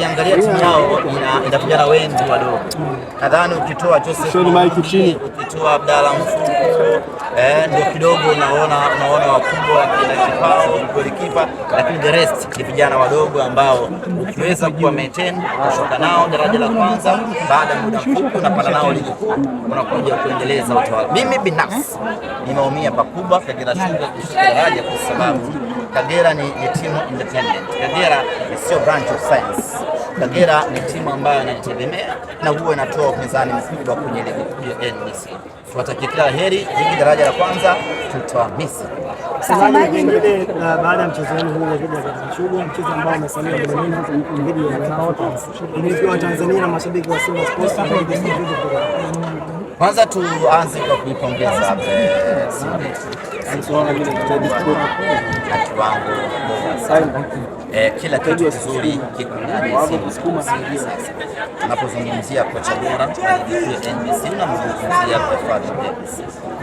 ukiangalia timu yao vijana wengi wadogo, nadhani ukitoa Joseph ukitoa Abdalla Mfuko eh, ndio kidogo unaona unaona wakubwa kipao golikipa, lakini the rest ni vijana wadogo ambao ukiweza kuwa maintain kushuka nao daraja la kwanza, baada ya muda mfupi unapanda nao ligi kuu, unakuja kuendeleza utawala. Mimi binafsi nimeumia pakubwa Kagera Sugar kushuka daraja kwa sababu Kagera ni, ni timu independent. Kagera sio branch of science. Kagera ni timu ambayo anaitegemea na huwa inatoa upinzani mkubwa kwenye ligi kuu ya NBC. Tuwatakia kila heri, ligi daraja la kwanza tutawamisi. Pengine uh, baada ya mchezo wenu huu dhidi ya Kashuga, mchezo ambao umesalia muda mwingi dhidi ya Hotspurs, wa Tanzania na mashabiki wa Simba Sports kwanza tuanze kwa kuipongeza eh, Simba kila kitu kizuri kiko ndani ya simu. Tunapozungumzia kocha bora NBC na mzungumzia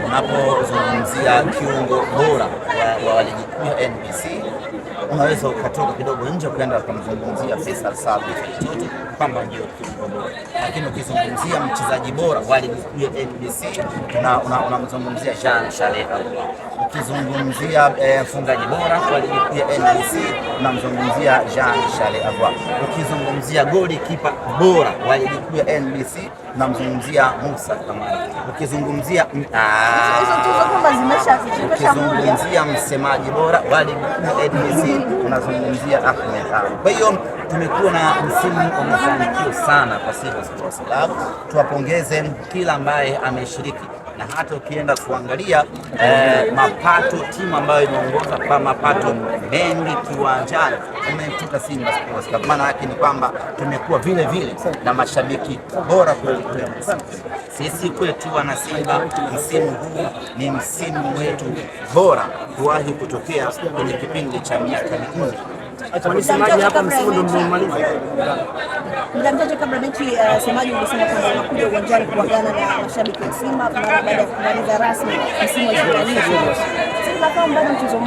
unapozungumzia kiungo bora wa ligi kuu ya NBC unaweza ukatoka kidogo nje ukaenda kumzungumzia Faisal Salum mtoto kwamba ndio kiongozi, lakini ukizungumzia mchezaji bora wa ligi ya NBC unamzungumzia Jean Shaleka, ukizungumzia eh, mfungaji bora wa ligi ya NBC unamzungumzia Jean Shaleka, ukizungumzia goli kipa bora wa ligi ya NBC unamzungumzia Musa Kamara, ukizungumzia ah, ukizungumzia msemaji bora wa ligi ya NBC tunazungumzia Ahmed Ally. Kwa hiyo tumekuwa na msimu wa mafanikio sana kwa Simba Sports Club, tuwapongeze kila ambaye ameshiriki na hata ukienda kuangalia eh, mapato timu ambayo inaongoza kwa mapato mengi kiwanjani umetoka Simba Sports Club. Maana yake ni kwamba tumekuwa vile vile na mashabiki bora kweli kweli. Sisi kwetu wana Simba, msimu huu ni msimu wetu bora kuwahi kutokea kwenye kipindi cha miaka minne muda mchache kabla mechi, eh, msemaji ulisema kwamba unakuja uwanjani kuagana na mashabiki wa Simba baada ya kumaliza rasmi msimu wa mchezo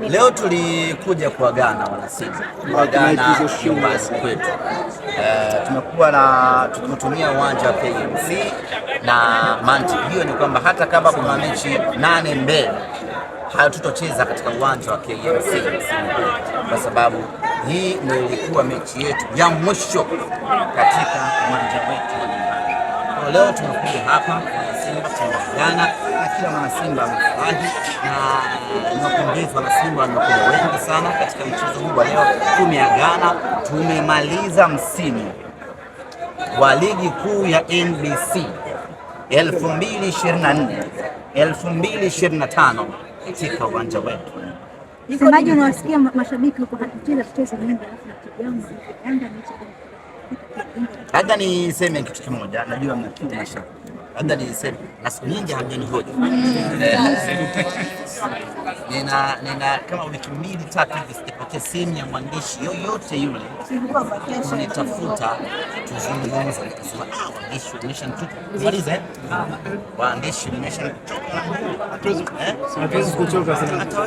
leo, leo tulikuja kuagana wanasimba, kuagana nyumbani kwetu. Eh, tumekuwa na tumetumia uwanja wa KMC na mantiki ni kwamba hata kama kuna mechi nane mbele hatutocheza katika uwanja wa KMC kwa sababu hii ndio ilikuwa mechi yetu ya mwisho katika uwanja wetu leo tumekuja hapa Simba tumeagana na kila Simba amefurahi, na niwapongezi Simba wamekuja wengi sana katika mchezo huu wa leo. Tumeagana, tumemaliza msimu wa ligi kuu ya NBC 2024 2025 katika uwanja wetu. msemaji unawasikia mashabiki huko, hatucheza tucheze Yanga, alafu Yanga Yanga Labda niseme kitu kimoja, najua mnasha. Labda niseme na siku nyingi hamjanihoji. Nina nina kama wiki mbili tatu hivi sijapokea simu ya mwandishi yoyote yule nitafuta tuzungumze. Nikasema ah, waandishi wameshanitupa, maliza waandishi wameshanitupa, hatuwezi kuchoka sana. Hata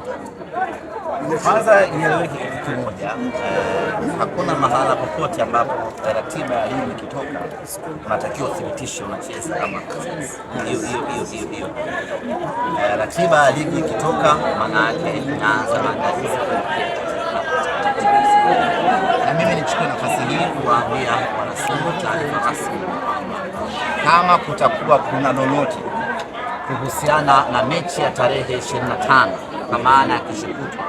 Kwanza nieleweke kitu kimoja, hakuna mahala popote ambapo ratiba ya ligi ikitoka unatakiwa uthibitishe unacheza kama hiyo hiyo hiyo. Eh, ratiba ya ligi ikitoka, maana yake inaanza maandalizi na mimi nichukue nafasi hii kuwaambia Wanasimba taarifa rasmi kama kutakuwa kuna lolote kuhusiana na mechi ya tarehe 25 kwa maana ya kesho kutwa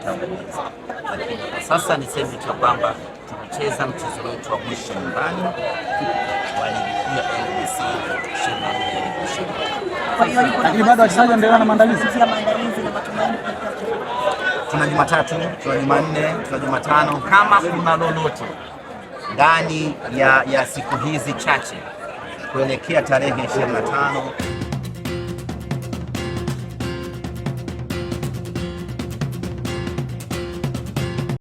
utaongoza. Sasa niseme tu kwamba tumecheza mchezo wetu wa mwisho nyumbani wa ligi kuu ya NBC lakini bado wachezaji na maandalizi tuna Jumatatu, tuna Jumanne, tuna Jumatano. Kama kuna lolote ndani ya, ya siku hizi chache kuelekea tarehe 25